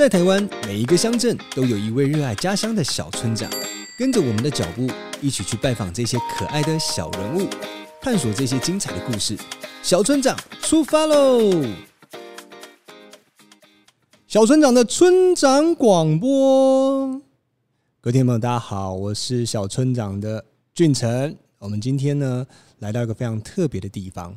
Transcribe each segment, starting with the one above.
在台灣，每一個鄉鎮都有一位熱愛家鄉的小村長。跟着我們的腳步，一起去拜訪這些可愛的小人物，探索這些精彩的故事。小村長出發嘍！小村長的村長廣播，各位聽眾大家好，我是小村長的俊成。我們今天呢，來到一個非常特別的地方。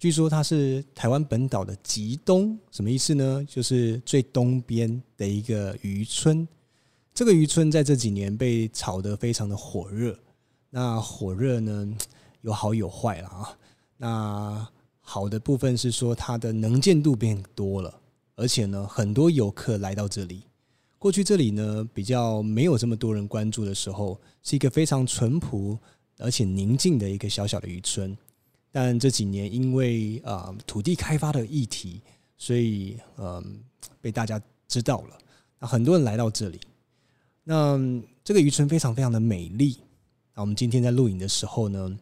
據說它是台灣本島的極東，什麼意思呢？就是最東邊的一個漁村。這個漁村在這幾年被炒得非常的火熱。那火熱呢，有好有壞啦。那好的部分是說，它的能見度變多了，而且呢，很多遊客來到這裡。過去這裡呢，比較沒有這麼多人關注的時候，是一個非常淳樸而且寧靜的一個小小的漁村。但這幾年，因為啊、呃、土地開發的議題，所以呃被大家知道了。那很多人來到這裡，那這個漁村非常非常的美麗。那我們今天在錄影的時候呢，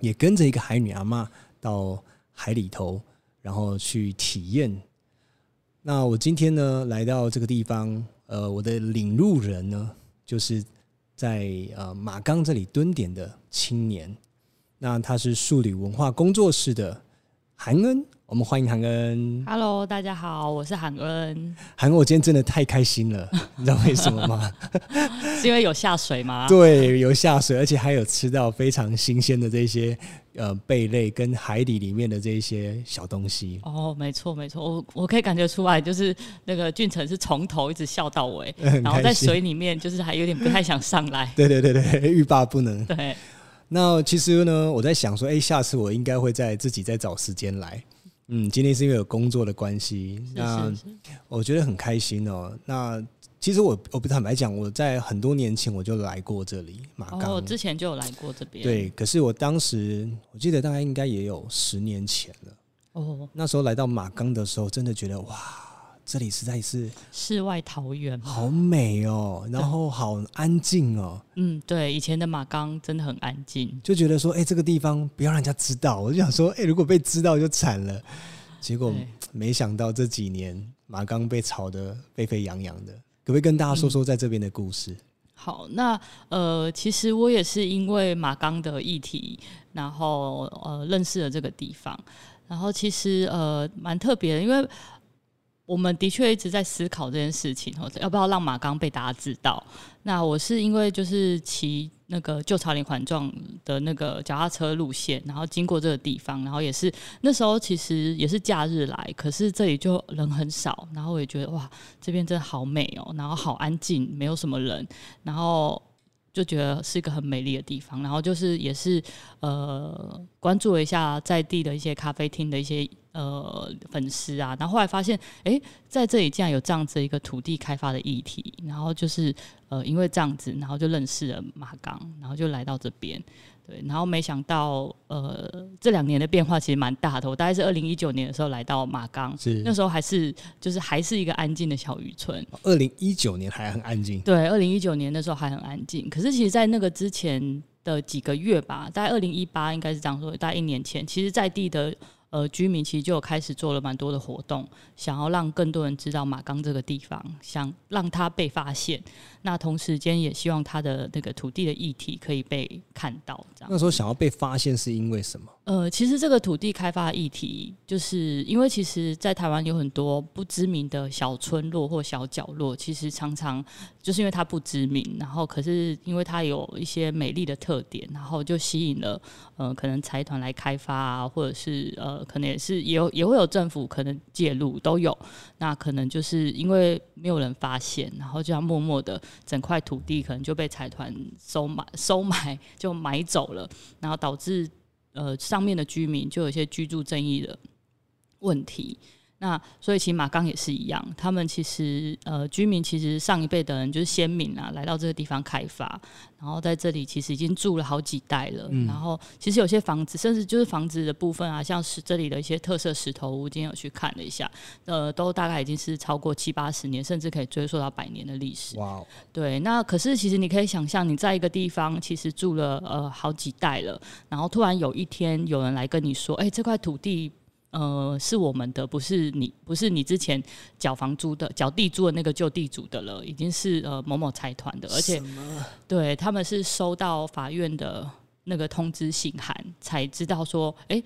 也跟着一個海女阿嬤到海裡頭，然後去體驗。那我今天呢來到這個地方，呃，我的領路人呢，就是在呃馬岡這裡蹲點的青年。那他是曙旅文化工作室的函恩，我們歡迎函恩。Hello，大家好，我是函恩。函恩，我今天真的太開心了， 你知道為什麼嗎？ 是因為有下水嗎？對，有下水，而且還有吃到非常新鮮的這些呃貝類跟海底裡面的這一些小東西。哦，沒錯，沒錯，我我可以感覺出來，就是那個俊成是從頭一直笑到尾，很開心，然後在水裡面就是還有點不太想上來。對對對對，欲罷不能。對。那其實呢，我在想說，哎、欸，下次我應該會在自己再找時間來。嗯，今天是因為有工作的關係。那我覺得很開心哦、喔。那其實我，我不坦白講，我在很多年前我就來過這裡馬岡，我、哦、之前就有來過這邊。對，可是我當時我記得大概應該也有十年前了。哦，那時候來到馬岡的時候，真的覺得哇。這裡實在是、哦、世外桃源，好美哦，然後好安靜哦。嗯，對，以前的馬岡真的很安靜，就覺得說，哎、欸，這個地方不要讓人家知道。 我就想說，哎、欸，如果被知道就慘了。結果沒想到這幾年馬岡被炒得沸沸揚揚的，可不可以跟大家說說在這邊的故事？嗯、好，那呃，其實我也是因為馬岡的議題，然後呃，認識了這個地方。然後其實呃，蠻特別的，因為。我們的確一直在思考這件事情，哦，或者要不要讓馬岡被大家知道。那我是因為就是騎那個舊草嶺環狀的那個腳踏車路線，然後經過這個地方，然後也是那時候其實也是假日來，可是這裡就人很少。然後我也覺得哇，這邊真的好美哦，然後好安靜，沒有什麼人。然後。就覺得是一個很美麗的地方，然後就是也是呃關注了一下在地的一些咖啡廳的一些呃粉絲啊，然後後來發現哎、欸、在這裡竟然有這樣子一個土地開發的議題，然後就是呃因為這樣子，然後就認識了馬岡，然後就來到這邊。對，然後沒想到，呃，這兩年的變化其實蠻大的。我大概是二零一九年的時候來到馬岡，是那時候還是就是還是一個安靜的小漁村。二零一九年還很安靜，對，二零一九年那時候還很安靜。可是，其實，在那個之前的幾個月吧，大概二零一八應該是這樣說，大概一年前，其實在地的。呃，居民其實就開始做了蠻多的活動，想要讓更多人知道馬岡這個地方，想讓他被發現。那同時間也希望他的那個土地的議題可以被看到。這樣，那時候想要被發現是因為什麼？呃，其實這個土地開發議題，就是因為其實，在台灣有很多不知名的小村落或小角落，其實常常就是因為它不知名，然後可是因為它有一些美麗的特點，然後就吸引了呃可能財團來開發啊，或者是呃可能也是也有也會有政府可能介入都有。那可能就是因為沒有人發現，然後這樣默默的整塊土地可能就被財團收買，收買就買走了，然後導致。呃，上面的居民就有一些居住爭議的問題。那所以，其實馬岡也是一樣，他們其實呃，居民其實上一輩的人就是先民啊，來到這個地方開發，然後在這裡其實已經住了好幾代了、嗯。然後其實有些房子，甚至就是房子的部分啊，像是這裡的一些特色石頭屋，今天有去看了一下，呃，都大概已經是超過七八十年，甚至可以追溯到百年的歷史。哇、wow，對，那可是其實你可以想象，你在一個地方其實住了呃好幾代了，然後突然有一天有人來跟你說，哎、欸，這塊土地。呃，是我們的，不是你，不是你之前繳房租的、繳地租的那個舊地主的了，已經是呃某某財團的，而且，什麼？對他們是收到法院的那個通知信函才知道說，誒、欸，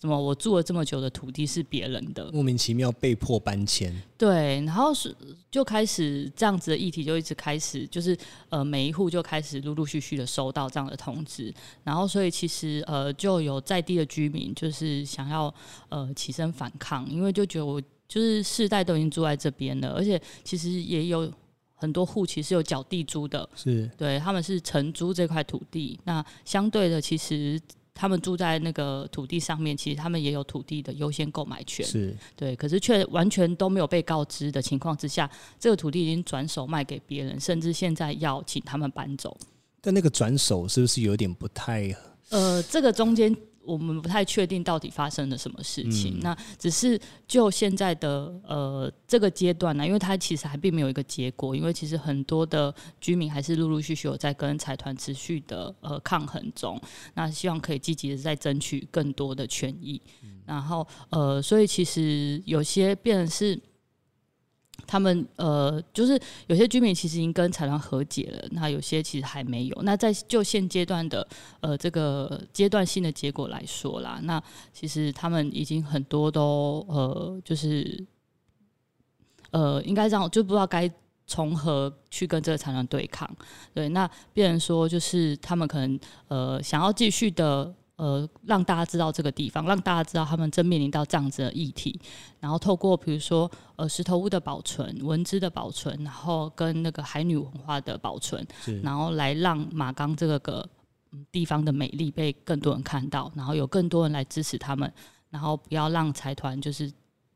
怎麼？我住了這麼久的土地是別人的？莫名其妙被迫搬遷？對，然後是就開始這樣子的議題，就一直開始，就是呃，每一戶就開始陸陸續續的收到這樣的通知，然後所以其實呃，就有在地的居民就是想要呃起身反抗，因為就覺得我就是世代都已經住在這邊了，而且其實也有很多戶其實有繳地租的，是，對，他們是承租這塊土地，那相對的其實。他們住在那個土地上面，其實他們也有土地的優先購買權，是對，可是卻完全都沒有被告知的情況之下，這個土地已經轉手賣給別人，甚至現在要請他們搬走。但那個轉手是不是有點不太？呃，這個中間。我們不太確定到底發生了什麼事情。嗯、那只是就現在的呃這個階段呢，因為它其實還並沒有一個結果。因為其實很多的居民還是陸陸續續有在跟財團持續的呃抗衡中。那希望可以積極的在爭取更多的權益。嗯、然後呃，所以其實有些變成是。他們呃，就是有些居民其實已經跟財團和解了，那有些其實還沒有。那在就現階段的呃這個階段性的結果來說啦，那其實他們已經很多都呃，就是呃，應該這樣，就不知道該從何去跟這個財團對抗。對，那變成說就是他們可能呃想要繼續的。呃，讓大家知道這個地方，讓大家知道他們正面臨到這樣子的議題，然後透過比如說呃石頭屋的保存、文資的保存，然後跟那個海女文化的保存，然後來讓馬岡這個個地方的美麗被更多人看到，然後有更多人來支持他們，然後不要讓財團就是。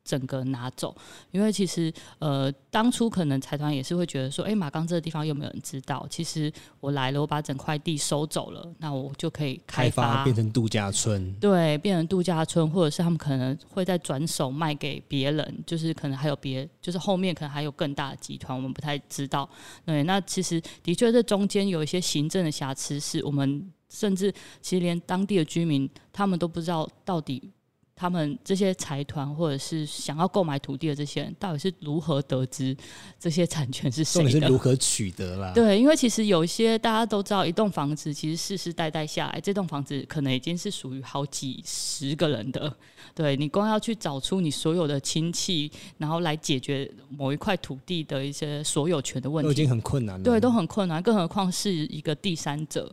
整個拿走，因為其實呃，當初可能財團也是會覺得說，哎、欸，馬岡這個地方又沒有人知道，其實我來了，我把整塊地收走了，那我就可以開發，開發，變成度假村，對，變成度假村，或者是他們可能會再轉手賣給別人，就是可能還有別，就是後面可能還有更大的集團，我們不太知道。對，那其實的確這中間有一些行政的瑕疵，是我們甚至其實連當地的居民他們都不知道到底。他們這些財團或者是想要購買土地的這些人，到底是如何得知這些產權是誰的？是如何取得啦？對，因為其實有些大家都知道，一棟房子其實世世代代代下來，這棟房子可能已經是屬於好幾十個人的。對你，光要去找出你所有的親戚，然後來解決某一塊土地的一些所有權的問題，都已經很困難了。對，都很困難，更何況是一個第三者。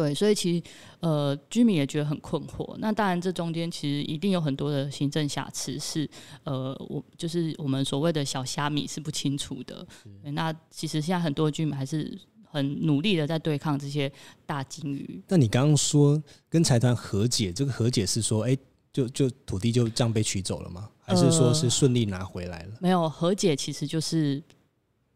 對，所以其實呃，居民也覺得很困惑。嗯、那當然，這中間其實一定有很多的行政瑕疵是，是呃，我就是我們所謂的小蝦米是不清楚的。那其實現在很多的居民還是很努力的在對抗這些大鯨魚。那、嗯、你剛剛說跟財團和解，這個和解是說，哎、欸，就就土地就這樣被取走了嗎？還是說是順利拿回來了？呃、沒有和解，其實就是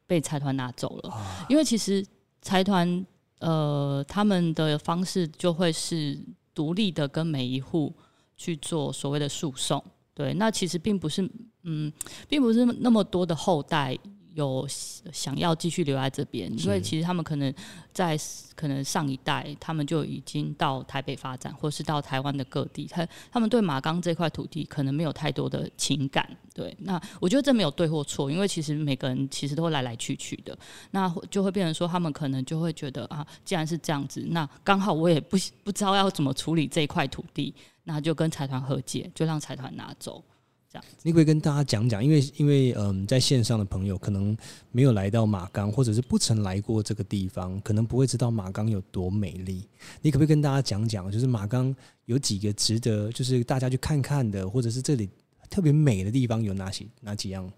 被財團拿走了，啊。因為其實財團。呃，他們的方式就會是獨立的，跟每一戶去做所謂的訴訟，對，那其實並不是，嗯，並不是那麼多的後代，有想要繼續留在這邊，因為其實他們可能在可能上一代，他們就已經到台北發展，或是到台灣的各地。他他們對馬岡這塊土地可能沒有太多的情感。對，那我覺得這沒有對或錯，因為其實每個人其實都會來來去去的。那就會變成說，他們可能就會覺得啊，既然是這樣子，那剛好我也不不知道要怎麼處理這一塊土地，那就跟財團和解，就讓財團拿走。你可不可以跟大家講講，因為因為嗯、呃，在線上的朋友可能沒有來到馬岡，或者是不曾來過這個地方，可能不會知道馬岡有多美麗。你可不可以跟大家講講，就是馬岡有幾個值得，就是大家去看看的，或者是這裡特別美的地方有哪些？哪幾樣？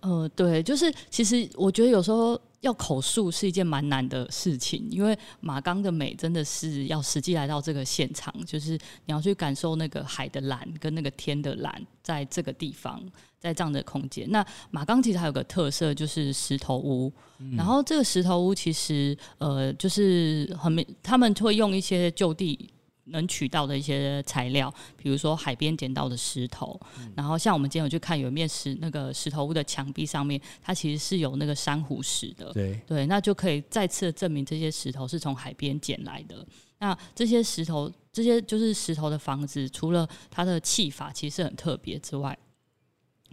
嗯、呃，對，就是其實我覺得有時候。要口述是一件蠻難的事情，因為馬岡的美真的是要實際來到這個現場，就是你要去感受那個海的藍跟那個天的藍，在這個地方，在這樣的空間。那馬岡其實還有個特色就是石頭屋，嗯、然後這個石頭屋其實呃就是很美，他們會用一些就地。能取到的一些材料，比如說海邊撿到的石頭，嗯、然後像我們今天有去看有一面石那個石頭屋的牆壁上面，它其實是有那個珊瑚石的，對，對，那就可以再次證明這些石頭是從海邊撿來的。那這些石頭，這些就是石頭的房子，除了它的砌法其實很特別之外，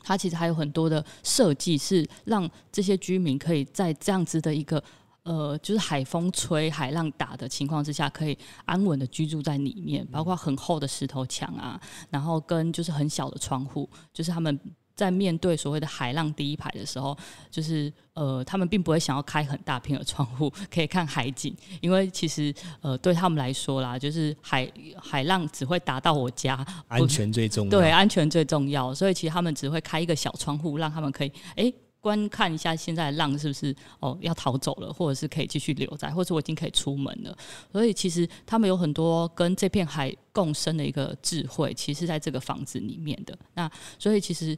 它其實還有很多的設計是讓這些居民可以在這樣子的一個。呃，就是海風吹、海浪打的情況之下，可以安穩的居住在裡面，包括很厚的石頭牆啊，然後跟就是很小的窗戶，就是他們在面對所謂的海浪第一排的時候，就是呃，他們並不會想要開很大片的窗戶可以看海景，因為其實呃，對他們來說啦，就是海海浪只會打到我家，安全最重要，對，安全最重要，所以其實他們只會開一個小窗戶，讓他們可以誒。欸觀看一下現在的浪是不是哦，要逃走了，或者是可以繼續留在，或者是我已經可以出門了。所以其實他們有很多跟這片海共生的一個智慧，其實在這個房子裡面的。那所以其實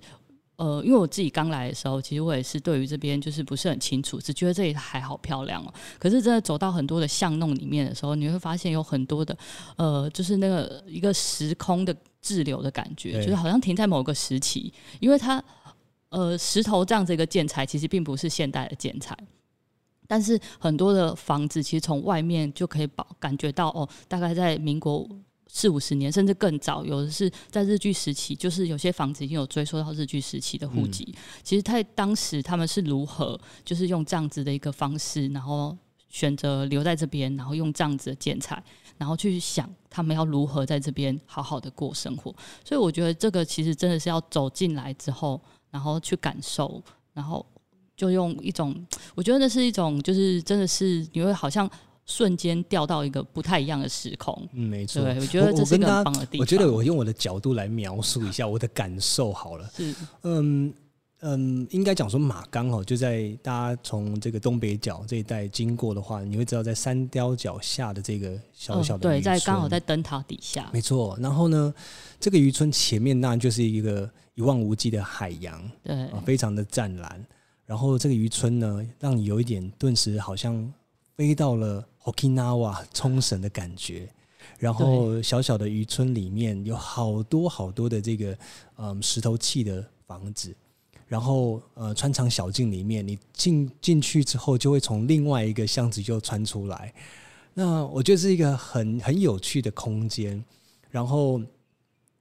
呃，因為我自己剛來的時候，其實我也是對於這邊就是不是很清楚，只覺得這裡的海好漂亮哦。可是真的走到很多的巷弄裡面的時候，你會發現有很多的呃，就是那個一個時空的滯留的感覺，就是好像停在某個時期，因為它。呃，石頭這樣子的一個建材，其實並不是現代的建材，但是很多的房子其實從外面就可以感感覺到哦，大概在民國四五十年，甚至更早，有的是在日據時期，就是有些房子已經有追溯到日據時期的戶籍。嗯、其實，在當時他們是如何，就是用這樣子的一個方式，然後選擇留在這邊，然後用這樣子的建材，然後去想他們要如何在這邊好好的過生活。所以，我覺得這個其實真的是要走進來之後。然後去感受，然後就用一種，我覺得那是一種，就是真的是你會好像瞬間掉到一個不太一樣的時空。嗯，沒錯，對我覺得這是一個棒的地方我。我覺得我用我的角度來描述一下我的感受好了。是，嗯嗯，應該講說馬缸哦，就在大家從這個東北角這一帶經過的話，你會知道在山雕腳下的這個小小的、嗯、對在剛好在燈塔底下，沒錯。然後呢，這個漁村前面那就是一個。一望無際的海洋，對、呃，非常的湛藍。然後這個漁村呢，讓你有一點頓時好像飛到了 o k n a w a 沖繩的感覺。然後小小的漁村裡面有好多好多的這個嗯、呃、石頭砌的房子。然後呃穿長小徑裡面，你進進去之後就會從另外一個巷子就穿出來。那我覺得是一個很很有趣的空間。然後。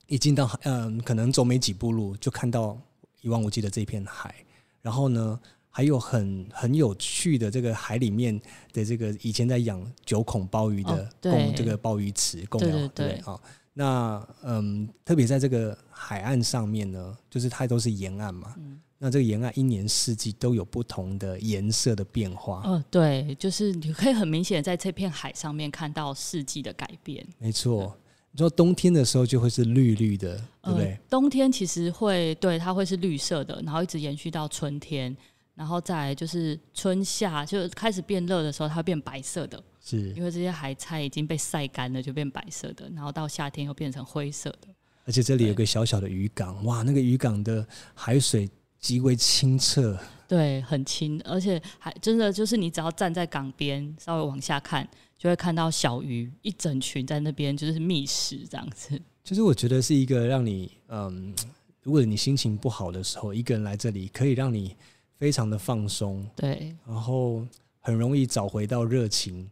一進到，嗯，可能走沒幾步路，就看到一望無際的這片海。然後呢，還有很很有趣的這個海裡面的這個以前在養九孔鮑魚的供這個鮑魚池、哦、供有對，對，對，對、哦、那嗯，特別在這個海岸上面呢，就是它都是沿岸嘛。嗯、那這個沿岸一年四季都有不同的顏色的變化。嗯、哦，對，就是你可以很明顯的在這片海上面看到四季的改變。嗯、沒錯。你說冬天的時候就會是綠綠的，對不對？呃，冬天其實會對，它會是綠色的，然後一直延續到春天，然後再就是春夏就開始變熱的時候，它會變白色的，是因為這些海菜已經被曬乾了，就變白色的，然後到夏天又變成灰色的。而且這裡有個小小的漁港，哇，那個漁港的海水極為清澈，對，很清，而且還真的就是你只要站在港邊，稍微往下看。就會看到小魚一整群在那邊就是覓食，這樣子。其實我覺得是一個讓你，嗯，如果你心情不好的時候，一個人來這裡可以讓你非常的放鬆，對，然後很容易找回到熱情。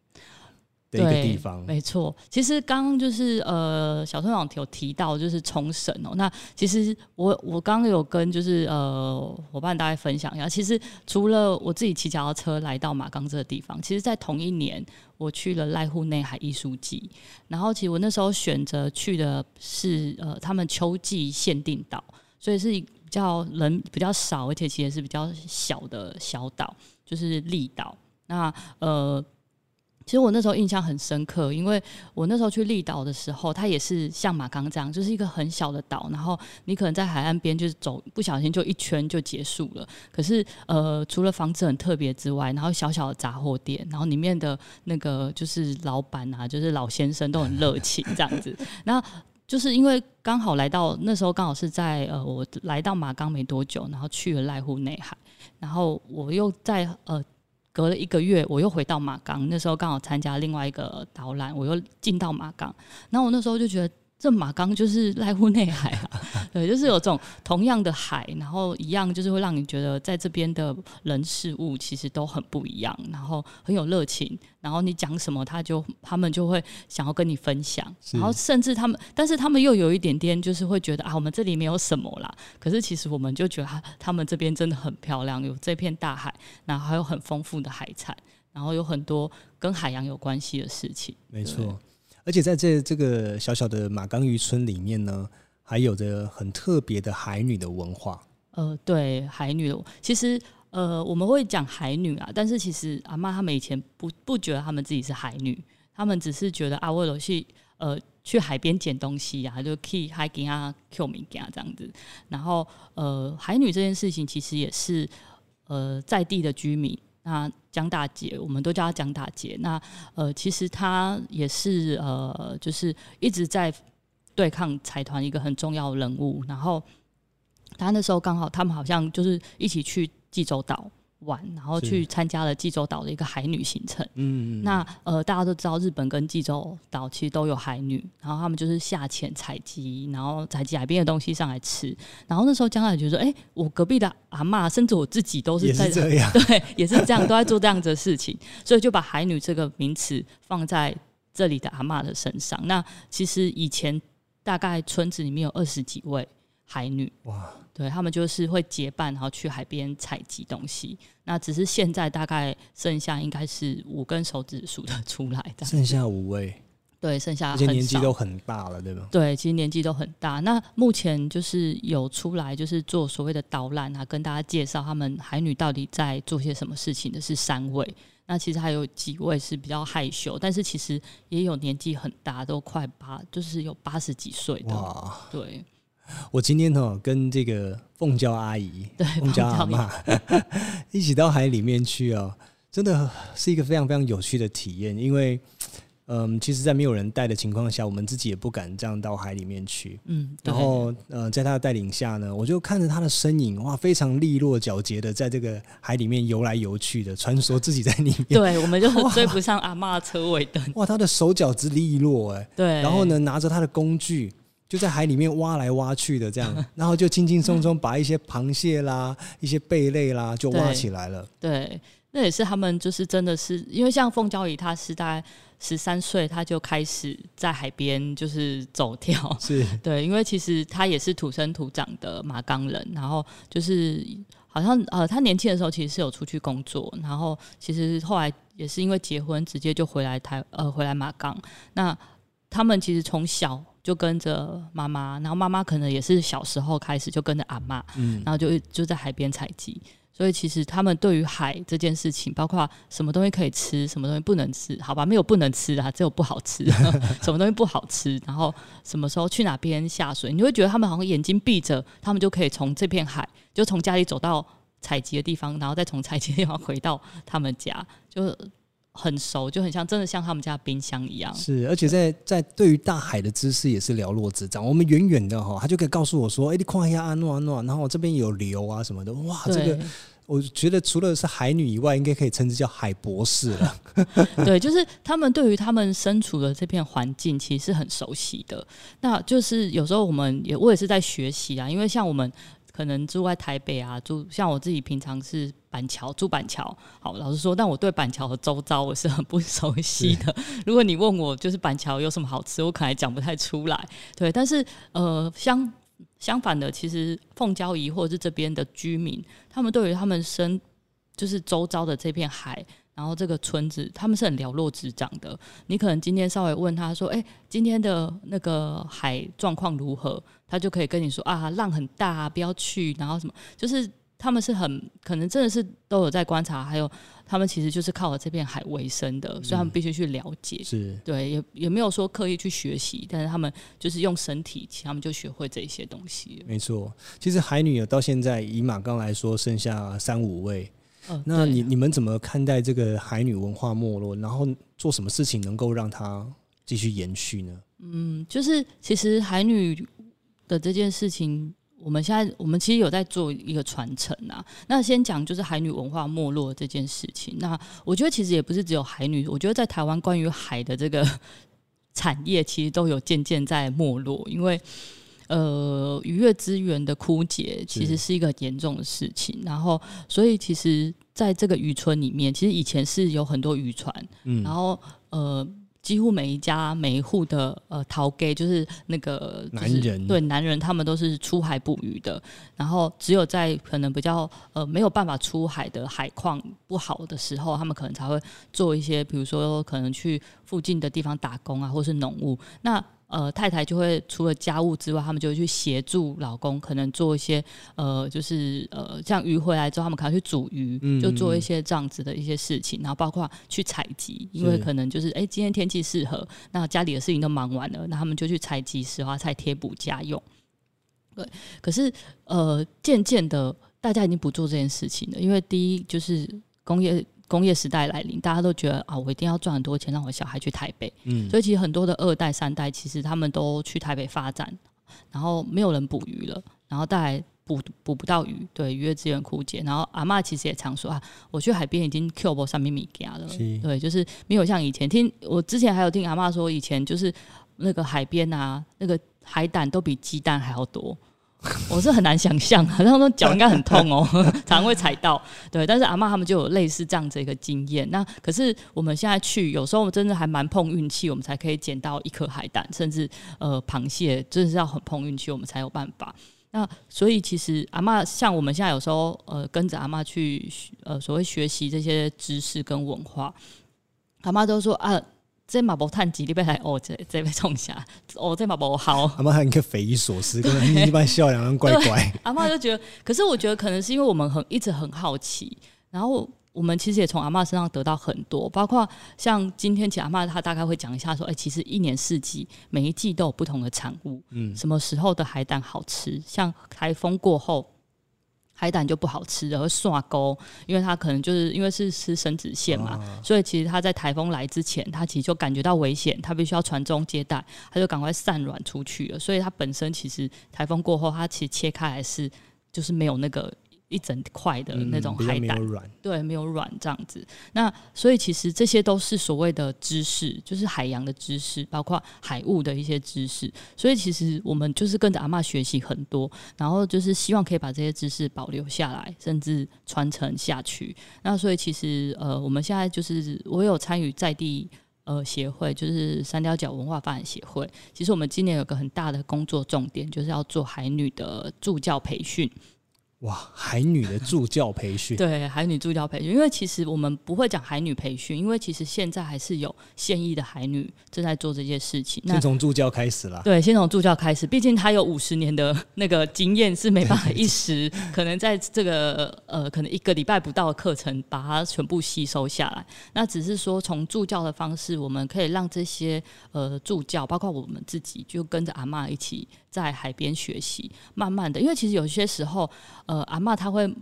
地方對，沒錯。其實剛剛就是呃，小村長有提到就是沖繩哦、喔。那其實我我剛剛有跟就是呃夥伴大概分享一下。其實除了我自己騎腳踏車來到馬岡這個地方，其實在同一年我去了瀨戶內海藝術祭。然後其實我那時候選擇去的是呃他們秋季限定島，所以是比較人比較少，而且其實是比較小的小島，就是利島。那呃。其實我那時候印象很深刻，因為我那時候去立島的時候，它也是像馬岡這樣，就是一個很小的島。然後你可能在海岸邊就是走，不小心就一圈就結束了。可是呃，除了房子很特別之外，然後小小的雜貨店，然後裡面的那個就是老闆啊，就是老先生都很熱情這樣子。那就是因為剛好來到那時候剛好是在呃我來到馬岡沒多久，然後去了瀨戶內海，然後我又在呃。隔了一個月，我又回到馬岡。那時候剛好參加另外一個導覽，我又進到馬岡。然後我那時候就覺得，這馬岡就是瀨戶內海啊。 對，就是有種同樣的海，然後一樣就是會讓你覺得，在這邊的人事物其實都很不一樣，然後很有熱情，然後你講什麼，他就他們就會想要跟你分享，然後甚至他們，但是他們又有一點點，就是會覺得啊，我們這裡沒有什麼啦。可是其實我們就覺得，他們這邊真的很漂亮，有這片大海，然後還有很豐富的海產，然後有很多跟海洋有關係的事情。沒錯，而且在這這個小小的馬岡漁村裡面呢，還有着很特別的海女的文化。呃，對，海女的其實呃，我們會講海女啊，但是其實阿媽她們以前不不覺得她們自己是海女，她們只是覺得啊，威羅去呃去海邊撿東西呀、啊，就可以還給他 Q 民給他這樣子。然後呃，海女這件事情其實也是呃在地的居民，那江大姐我們都叫她江大姐，那呃其實她也是呃就是一直在，對抗財團一個很重要的人物，然後他那時候剛好他們好像就是一起去濟州島玩，然後去參加了濟州島的一個海女行程。嗯，嗯那，那呃大家都知道日本跟濟州島其實都有海女，然後他們就是下潛採集，然後採集海邊的東西上來吃。然後那時候將來就說：“哎、欸，我隔壁的阿嬤，甚至我自己都是在是這樣，對，也是這樣 都在做這樣子的事情，所以就把海女這個名詞放在這裡的阿嬤的身上。那其實以前。”大概村子裡面有二十幾位海女，哇，對，他們就是會結伴，然後去海邊採集東西。那只是現在大概剩下應該是五根手指數得出來的，剩下五位，對，剩下。而且年紀都很大了，對吧？對，其實年紀都很大。那目前就是有出來，就是做所謂的導覽啊，跟大家介紹他們海女到底在做些什麼事情的，就是三位。那其實還有幾位是比較害羞，但是其實也有年紀很大，都快八，就是有八十幾歲的，對。我今天哦、喔，跟這個鳳嬌阿姨，對鳳嬌阿媽 一起到海裡面去哦、喔，真的是一個非常非常有趣的體驗，因為。嗯，其實，在沒有人帶的情況下，我們自己也不敢這樣到海裡面去。嗯，對。然後，呃，在他的帶領下呢，我就看着他的身影，哇，非常利落、皎潔的，在這個海裡面游來游去的，穿梭自己在裡面。對，我們就追不上阿嬤的車尾燈。哇，他的手腳之利落、欸，哎，對。然後呢，拿着他的工具，就在海裡面挖來挖去的，這樣， 然後就輕輕鬆鬆把一些螃蟹啦、一些貝類啦，就挖起來了。對，對那也是他們，就是真的是，因為像鳳嬌姨，它是大十三歲，他就開始在海邊就是走跳。是。對，因為其實他也是土生土長的馬崗人，然後就是好像呃，他年輕的時候其實是有出去工作，然後其實後來也是因為結婚，直接就回來台呃，回來馬崗。那他們其實從小就跟着媽媽，然後媽媽可能也是小時候開始就跟着阿媽，嗯，然後就就在海邊採集。所以其實他們對於海這件事情，包括什麼東西可以吃，什麼東西不能吃，好吧，沒有不能吃啊，只有不好吃，什麼東西不好吃，然後什麼時候去哪邊下水，你就會覺得他們好像眼睛閉着，他們就可以從這片海，就從家裡走到採集的地方，然後再從採集的地方回到他們家，就。很熟，就很像真的像他們家冰箱一樣。是，而且在對在對於大海的知識也是了如指掌。我們遠遠的哈，他就可以告訴我說：“哎、欸，你看一下安諾安諾，然後我這邊有流啊什麼的。哇”哇，這個我覺得除了是海女以外，應該可以稱之叫海博士了。對，就是他們對於他們身處的這片環境，其實是很熟悉的。 那就是有時候我們也我也是在學習啊，因為像我們。可能住在台北啊，住像我自己平常是板橋住板橋。好，老實說，但我對板橋和周遭我是很不熟悉的。如果你問我，就是板橋有什麼好吃，我可能還講不太出來。對，但是呃，相相反的，其實鳳嬌姨或者是這邊的居民，他們對於他們生就是周遭的這片海。然後這個村子，他們是很瞭若指掌的。你可能今天稍微問他說：“哎，今天的那個海狀況如何？”他就可以跟你說：“啊，浪很大，不要去。”然後什麼，就是他們是很可能真的是都有在觀察。還有，他們其實就是靠着這片海為生的，嗯，所以他們必須去了解。是對，也也沒有說刻意去學習，但是他們就是用身體，他們就學會這一些東西。沒錯，其實海女到現在以馬岡來說，剩下三五位。哦，對啊。那你你們怎麼看待這個海女文化沒落？然後做什麼事情能夠讓它繼續延續呢？嗯，就是其實海女的這件事情，我們現在我們其實有在做一個傳承啊。那先講就是海女文化沒落這件事情。那我覺得其實也不是只有海女，我覺得在台灣關於海的這個產業，其實都有漸漸在沒落，因為。呃，漁業資源的枯竭其實是一個嚴重的事情。然後，所以其實在這個漁村裡面，其實以前是有很多漁船，嗯。然後呃，幾乎每一家每一戶的呃，陶 g 就是那個、就是、男人，對男人他們都是出海捕魚的。然後，只有在可能比較呃沒有辦法出海的海況不好的時候，他們可能才會做一些，比如說可能去附近的地方打工啊，或是農務。那呃，太太就會除了家務之外，他們就會去協助老公，可能做一些呃，就是呃，像魚回來之後，他們可能去煮魚嗯嗯嗯，就做一些這樣子的一些事情，然後包括去採集，因為可能就是哎、欸，今天天氣適合，那家裡的事情都忙完了，那他們就去採集石花菜貼補家用。對，可是呃，漸漸的，大家已經不做這件事情了，因為第一就是工業。工業時代來臨，大家都覺得啊，我一定要賺很多錢，讓我小孩去台北。嗯。所以其實很多的二代、三代，其實他們都去台北發展，然後沒有人捕魚了，然後大家捕捕不到魚，對，漁業資源枯竭。然後阿媽其實也常說啊，我去海邊已經 q 波三釐米加了，對，就是沒有像以前聽我之前還有聽阿媽說，以前就是那個海邊啊，那個海膽都比雞蛋還要多。我是很難想象，好像說腳應該很痛哦、喔，常 常會踩到。對，但是阿嬤他們就有類似這樣子一個經驗。那可是我們現在去，有時候我們真的還蠻碰運氣，我們才可以撿到一顆海膽，甚至呃螃蟹，真的是要很碰運氣，我們才有辦法。那所以其實阿嬤像我們現在有時候呃跟着阿嬤去呃所謂學習這些知識跟文化，阿嬤都說啊。這馬波嘆氣，你別來哦！這這別沖下哦！這馬好。阿媽還有一個匪夷所思，可能你一般笑兩人怪怪。阿媽就覺得，可是我覺得可能是因為我們很一直很好奇，然後我們其實也從阿媽身上得到很多，包括像今天其實阿媽她大概會講一下說，哎、欸，其實一年四季每一季都有不同的產物，嗯、什麼時候的海膽好吃？像颱風過後。海膽就不好吃，然後刷鈎，因為它可能就是因為是吃生殖腺嘛、啊，所以其實它在台風來之前，它其實就感覺到危險，它必須要傳宗接代，它就趕快散卵出去了，所以它本身其實台風過後，它其實切開還是就是沒有那個。一整塊的那種海膽、嗯，對，沒有軟這樣子。那所以其實這些都是所謂的知識，就是海洋的知識，包括海物的一些知識。所以其實我們就是跟着阿嬤學習很多，然後就是希望可以把這些知識保留下來，甚至傳承下去。那所以其實呃，我們現在就是我有參與在地呃協會，就是三貂角文化發展協會。其實我們今年有個很大的工作重點，就是要做海女的助教培訓。哇，海女的助教培訓 對海女助教培訓，因為其實我們不會講海女培訓，因為其實現在還是有現役的海女正在做這件事情。那先從助教開始了，對，先從助教開始，畢竟她有五十年的那個經驗是沒辦法一時，可能在這個呃，可能一個禮拜不到的課程把它全部吸收下來。那只是說從助教的方式，我們可以讓這些呃助教，包括我們自己，就跟着阿嬤一起在海邊學習，慢慢的，因為其實有些時候呃。呃，阿嬤他會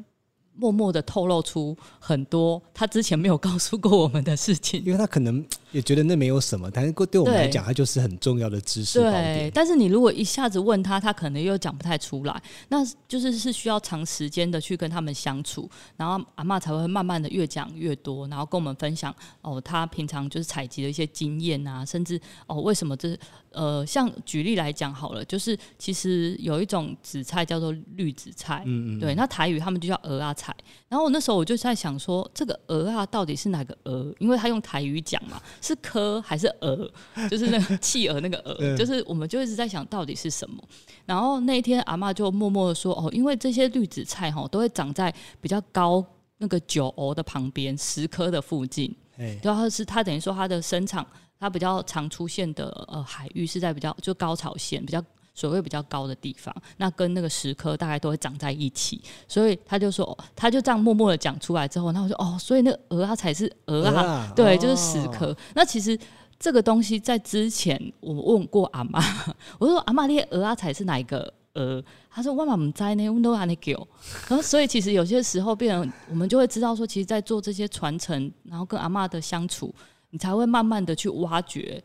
默默的透露出很多他之前沒有告訴過我們的事情，因為他可能也覺得那沒有什麼，但是對對我們來講，她就是很重要的知識。對，但是你如果一下子問他，他可能又講不太出來，那就是是需要長時間的去跟他們相處，然後阿嬤才會慢慢的越講越多，然後跟我們分享哦，他平常就是採集的一些經驗啊，甚至哦，為什麼，就是。呃，像舉例來講好了，就是其實有一種紫菜叫做綠紫菜，嗯，嗯對，那台語他們就叫鵝啊菜。然後我那時候我就在想說，這個鵝啊到底是哪個鵝？因為他用台語講嘛，是蚵還是鵝？就是那個企鵝那個鵝， 就是我們就一直在想到底是什麼。嗯、然後那一天阿嬤就默默的說，哦，因為這些綠紫菜哦，都會長在比較高那個九孔的旁邊、石蚵的附近，然後是它等於說它的生長。它比較常出現的呃海域是在比較就高潮線比較水位比較高的地方，那跟那個石殼大概都會長在一起，所以他就說，他就這樣默默的講出來之後，那我說哦，所以那鵝啊，啊，才是鵝啊，對，就是石殼，哦。那其實這個東西在之前我問過阿嬤，我說阿嬤，那些鵝啊才是哪一個鵝，呃？他說我嘛唔知呢，我，知我都阿你叫。然後所以其實有些時候變成，別人我們就會知道說，其實，在做這些傳承，然後跟阿嬤的相處。你才會慢慢的去挖掘，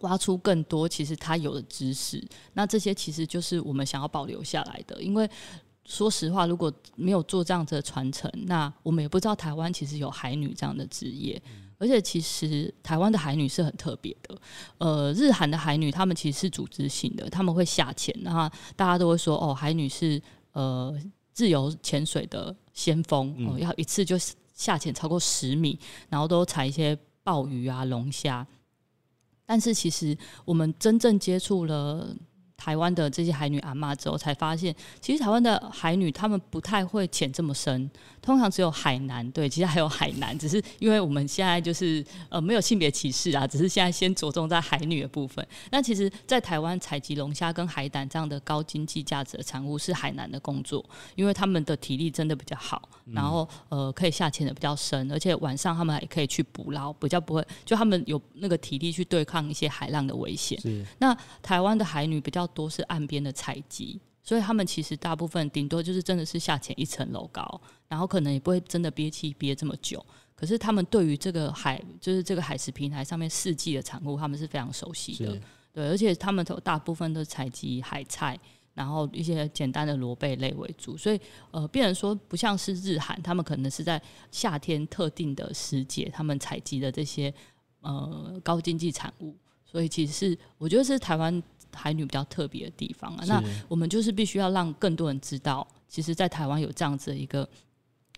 挖出更多其實他有的知識。那這些其實就是我們想要保留下來的。因為說實話，如果沒有做這樣子的傳承，那我們也不知道台灣其實有海女這樣的職業，嗯。而且其實台灣的海女是很特別的。呃，日韓的海女他們其實是組織性的，他們會下潛。然後大家都會說，哦，海女是呃自由潛水的先鋒，呃，要一次就下潛超過十米，然後都採一些。鮑魚啊，龍蝦，但是其實我們真正接觸了。台灣的這些海女阿嬤之後才發現，其實台灣的海女她們不太會潛這麼深，通常只有海男，對，其實還有海男，只是因為我們現在就是呃沒有性別歧視啊，只是現在先着重在海女的部分。那其實，在台灣採集龍蝦跟海膽這樣的高經濟價值的產物是海男的工作，因為他們的體力真的比較好，然後呃可以下潛的比較深，而且晚上他們還可以去捕撈，比較不會就他們有那個體力去對抗一些海浪的危險。是。那台灣的海女比較。多是岸邊的採集，所以他們其實大部分頂多就是真的是下潛一層樓高，然後可能也不會真的憋氣憋這麼久。可是他們對於這個海，就是這個海蝕平台上面四季的產物，他們是非常熟悉的。啊、對，而且他們都大部分都採集海菜，然後一些簡單的螺貝類為主。所以呃，變成說不像是日韓，他們可能是在夏天特定的時節，他們採集的這些呃高經濟產物。所以其實是我覺得是台灣。海女比較特別的地方啊，那我們就是必須要讓更多人知道，其實，在台灣有這樣子的一個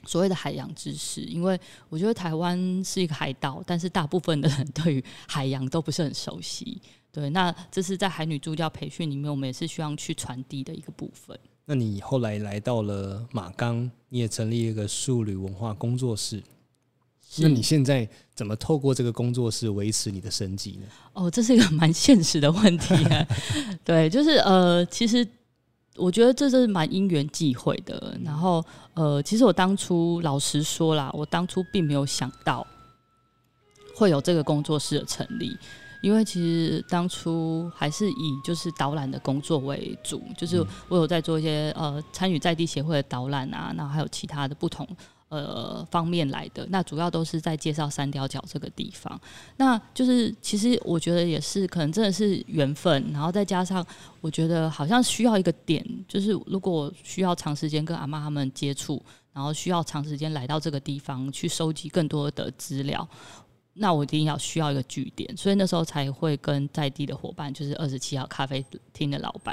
所謂的海洋知識，因為我覺得台灣是一個海島，但是大部分的人對於海洋都不是很熟悉。對，那這是在海女助教培訓裡面，我們也是需要去傳遞的一個部分。那你後來來到了馬岡，你也成立一個曙旅文化工作室。那你現在怎麼透過這個工作室維持你的生計呢？哦，這是一個蠻現實的問題啊。 對，就是呃，其實我覺得這是蠻因緣際會的。然後呃，其實我當初老實說啦，我當初並沒有想到會有這個工作室的成立，因為其實當初還是以就是導覽的工作為主，就是我有在做一些呃參與在地協會的導覽啊，然後還有其他的不同。呃，方面來的，那主要都是在介紹三貂角這個地方。那就是其實我覺得也是可能真的是緣分，然後再加上我覺得好像需要一個點，就是如果我需要長時間跟阿媽他們接觸，然後需要長時間來到這個地方去收集更多的資料，那我一定要需要一個據點，所以那時候才會跟在地的夥伴，就是二十七號咖啡廳的老闆。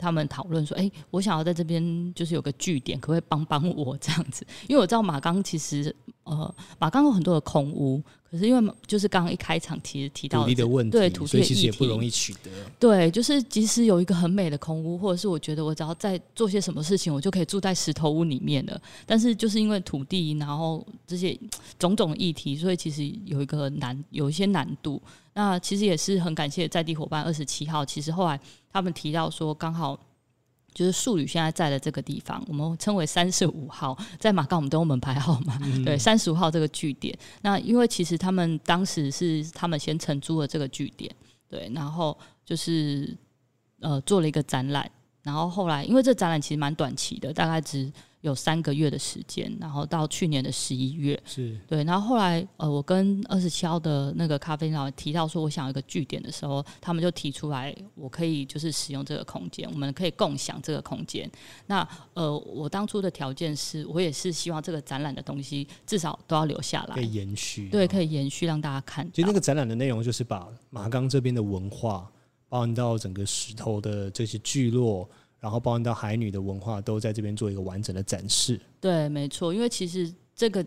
他們討論說：“哎、欸，我想要在這邊，就是有個據點，可不可以幫幫我這樣子？因為我知道馬岡其實，呃，馬岡有很多的空屋，可是因為就是剛剛一開場提提到土地的問題，對土地，所以其實也不容易取得。對，就是即使有一個很美的空屋，或者是我覺得我只要在做些什麼事情，我就可以住在石頭屋裡面了。但是就是因為土地，然後這些種種議題，所以其實有一個難，有一些難度。那其實也是很感謝在地夥伴二十七號，其實後來。”他們提到說，剛好就是曙旅現在在的這個地方，我們稱為三十五號，在馬岡，我們都有門牌號碼，嗯、對，三十五號這個據點。那因為其實他們當時是他們先承租了這個據點，對，然後就是呃做了一個展覽，然後後來因為這個展覽其實蠻短期的，大概只。有三個月的時間，然後到去年的十一月是對，然後後來呃，我跟二十七號的那個咖啡廳老闆提到說，我想要一個據點的時候，他們就提出來，我可以就是使用這個空間，我們可以共享這個空間。那呃，我當初的條件是我也是希望這個展覽的東西至少都要留下來，可以延續，對，哦、可以延續讓大家看。就那個展覽的內容，就是把馬岡這邊的文化，包含到整個石頭的這些聚落。然後包含到海女的文化，都在這邊做一個完整的展示。對，沒錯，因為其實這個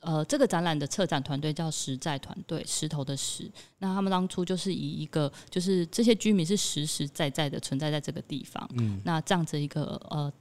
呃，這個展覽的策展團隊叫石在團隊，石頭的石。那他們當初就是以一個，就是這些居民是實實在在的存在在這個地方。嗯，那這樣子一個呃。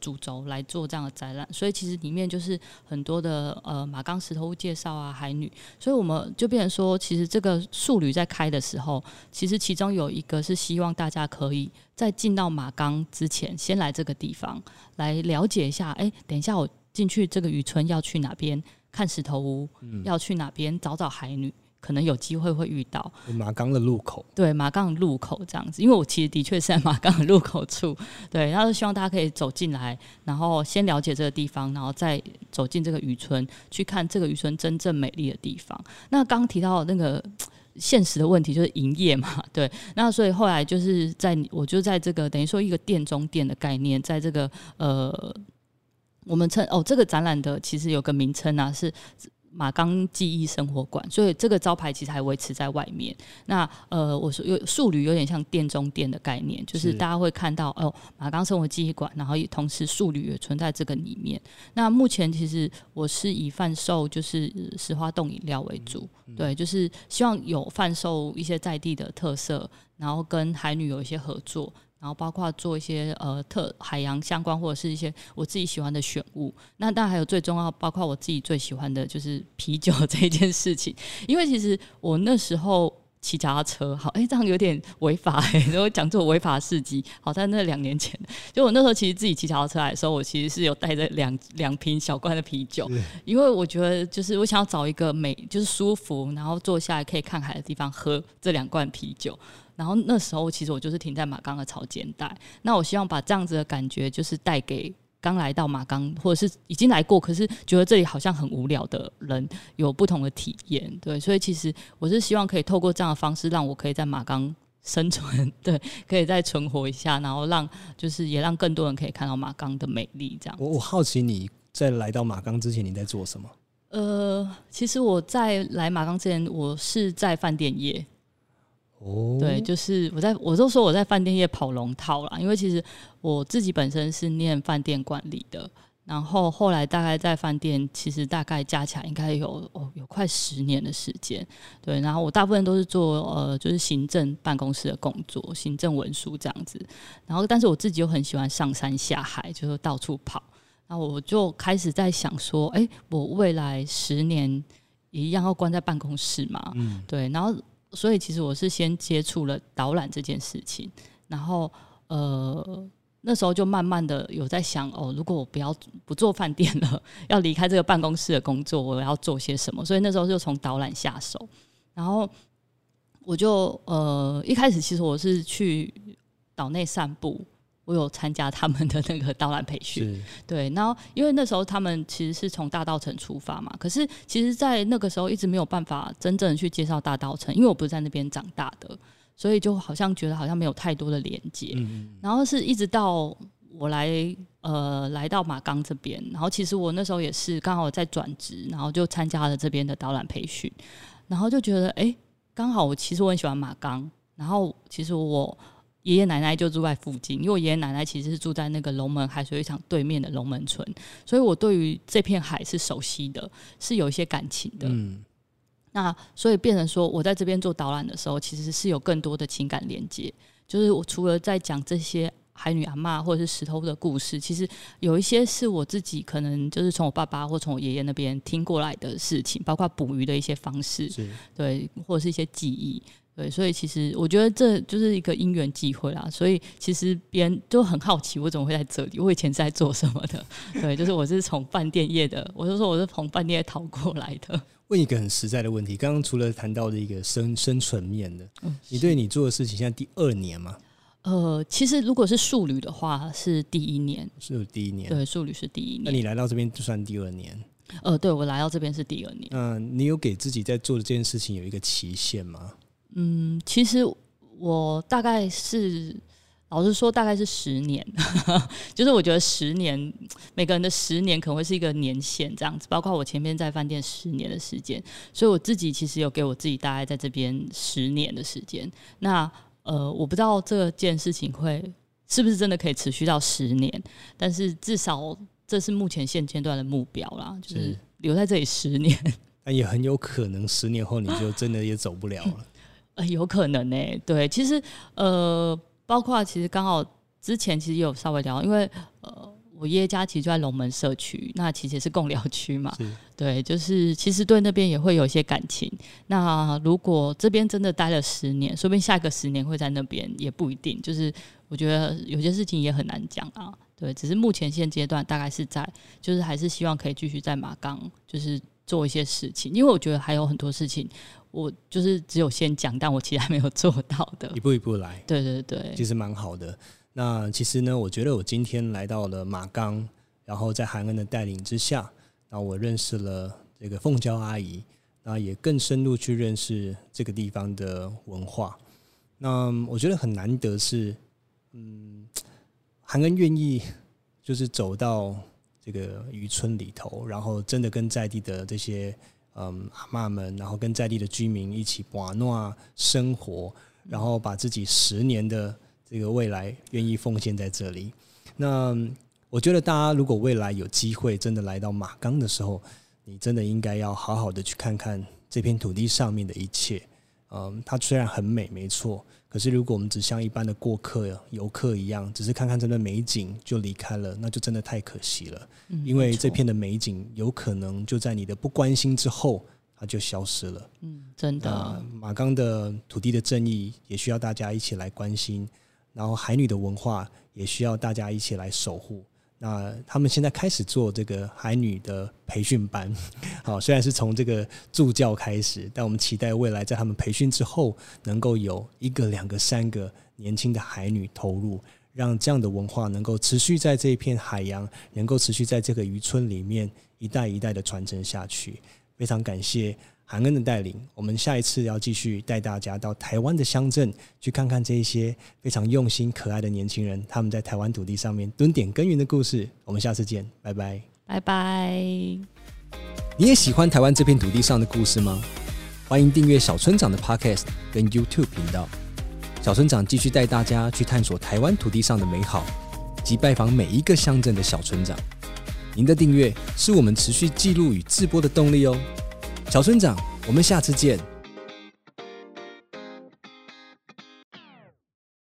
主軸來做這樣的展覽，所以其實裡面就是很多的呃馬岡石頭屋介紹啊，海女，所以我們就變成說，其實這個曙旅在開的時候，其實其中有一個是希望大家可以在進到馬岡之前，先來這個地方來了解一下。哎、欸，等一下我進去這個漁村要去哪邊看石頭屋，嗯、要去哪邊找找海女。可能有機會會遇到馬崗的路口對，對馬崗的路口這樣子，因為我其實的確是在馬崗的路口處，對，然後希望大家可以走進來，然後先了解這個地方，然後再走進這個漁村，去看這個漁村真正美麗的地方。那剛剛提到那個現實的問題，就是營業嘛，對，那所以後來就是在我就在這個等於說一個店中店的概念，在這個呃，我們稱哦，這個展覽的其實有個名稱啊是。馬岡記憶生活館，所以這個招牌其實還維持在外面。那呃，我說有曙旅有點像店中店的概念，就是大家會看到哦，馬岡生活記憶館，然後也同時曙旅也存在這個裡面。那目前其實我是以販售就是石花凍飲料為主，嗯嗯，對，就是希望有販售一些在地的特色，然後跟海女有一些合作。然後包括做一些呃特海洋相關或者是一些我自己喜歡的選物，那當然還有最重要，包括我自己最喜歡的就是啤酒這一件事情。因為其實我那時候騎腳踏車，好，哎，這樣有點違法，然後講做違法事蹟。好，在那兩年前，就我那時候其實自己騎腳踏車來的時候，我其實是有帶着兩兩瓶小罐的啤酒，因為我覺得就是我想要找一個美就是舒服，然後坐下來可以看海的地方喝這兩罐啤酒。然後那時候其實我就是停在馬岡的潮間帶。那我希望把這樣子的感覺，就是帶給剛來到馬岡，或者是已經來過可是覺得這裡好像很無聊的人，有不同的體驗。對，所以其實我是希望可以透過這樣的方式，讓我可以在馬岡生存，對，可以再存活一下，然後讓就是也讓更多人可以看到馬岡的美麗這樣。我我好奇你在來到馬岡之前你在做什麼？呃，其實我在來馬岡之前，我是在飯店業。哦、oh，對，就是我在我都說我在飯店業跑龍套啦，因為其實我自己本身是念飯店管理的，然後後來大概在飯店，其實大概加起來應該有哦有快十年的時間，對，然後我大部分都是做呃就是行政辦公室的工作，行政文書這樣子，然後但是我自己又很喜歡上山下海，就是到處跑，那我就開始在想說，哎、欸，我未來十年一樣要關在辦公室嘛？嗯、對，然後。所以其實我是先接觸了導覽這件事情，然後呃那時候就慢慢的有在想哦，如果我不要不做飯店了，要離開這個辦公室的工作，我要做些什麼？所以那時候就從導覽下手，然後我就呃一開始其實我是去島內散步。我有參加他們的那個導覽培訓，對，然後因為那時候他們其實是從大稻埕出發嘛，可是其實，在那個時候一直沒有辦法真正去介紹大稻埕，因為我不是在那邊長大的，所以就好像覺得好像沒有太多的連接，嗯。然後是一直到我來呃來到馬岡這邊，然後其實我那時候也是剛好在轉職，然後就參加了這邊的導覽培訓，然後就覺得哎，剛好我其實我很喜歡馬岡，然後其實我。爺爺奶奶就住在附近，因為我爺爺奶奶其實是住在那個龍門海水浴場對面的龍門村，所以我對於這片海是熟悉的，是有一些感情的。嗯。那所以變成說我在這邊做導覽的時候，其實是有更多的情感連接。就是我除了在講這些海女阿嬤或者是石頭的故事，其實有一些是我自己可能就是從我爸爸或從我爺爺那邊聽過來的事情，包括捕魚的一些方式，對，或者是一些記憶。對，所以其實我覺得這就是一個因緣際會啦。所以其實別人就很好奇，我怎麼會在這裡？我以前是在做什麼的？對，就是我是從飯店業的，我就說我是從飯店業逃過來的。問一個很實在的問題，剛剛除了談到的一個生生存面的，嗯，你對你做的事情現在第二年嗎？呃，其實如果是曙旅的話是第一年，是第一年。對，曙旅是第一年。那你來到這邊就算第二年？呃，對我來到這邊是第二年。嗯，你有給自己在做的這件事情有一個期限嗎？嗯，其實我大概是老實說，大概是十年呵呵，就是我覺得十年每個人的十年可能會是一個年限這樣子。包括我前面在飯店十年的時間，所以我自己其實有給我自己大概在這邊十年的時間。那呃，我不知道這件事情會是不是真的可以持續到十年，但是至少這是目前現階段的目標啦，就是留在這裡十年。那 也很有可能十年後你就真的也走不了了，嗯。欸、有可能呢、欸，對，其實呃，包括其實剛好之前其實也有稍微聊，因為呃，我爺爺家其實就在龍門社區，那其實也是貢寮區嘛，對，就是其實對那邊也會有一些感情。那如果這邊真的待了十年，說不定下一個十年會在那邊也不一定。就是我覺得有些事情也很難講啊，對，只是目前現階段大概是在，就是還是希望可以繼續在馬岡，就是做一些事情，因為我覺得還有很多事情。我就是只有先講，但我其實還沒有做到的，一步一步來，對對對，其實蠻好的。那其實呢，我覺得我今天來到了馬岡，然後在函恩的帶領之下，那我認識了這個鳳嬌阿姨，那也更深入去認識這個地方的文化。那我覺得很難得是，嗯，函恩願意就是走到這個漁村裡頭，然後真的跟在地的這些。嗯，阿媽們，然後跟在地的居民一起玩諾啊生活，然後把自己十年的這個未來願意奉獻在這裡。那我覺得大家如果未來有機會真的來到馬岡的時候，你真的應該要好好的去看看這片土地上面的一切。嗯，它雖然很美，沒錯。可是，如果我們只像一般的過客、遊客一樣，只是看看這段美景就離開了，那就真的太可惜了。嗯，因為這片的美景有可能就在你的不關心之後，它就消失了。嗯，真的。馬岡的土地的正義也需要大家一起來關心，然後海女的文化也需要大家一起來守護。那他們現在開始做這個海女的培訓班，好，雖然是從這個助教開始，但我們期待未來在他們培訓之後，能夠有一個、兩個、三個年輕的海女投入，讓這樣的文化能夠持續在這一片海洋，能夠持續在這個漁村裡面一代一代的傳承下去。非常感謝。函恩的帶領，我們下一次要繼續帶大家到台灣的鄉鎮去看看這些非常用心、可愛的年輕人，他們在台灣土地上面蹲點耕耘的故事。我們下次見，拜拜，拜拜。你也喜歡台灣這片土地上的故事嗎？歡迎訂閱小村長的 Podcast 跟 YouTube 頻道。小村長繼續帶大家去探索台灣土地上的美好，及拜訪每一個鄉鎮的小村長。您的訂閱是我們持續記錄與直播的動力哦。小村長，我們下次見。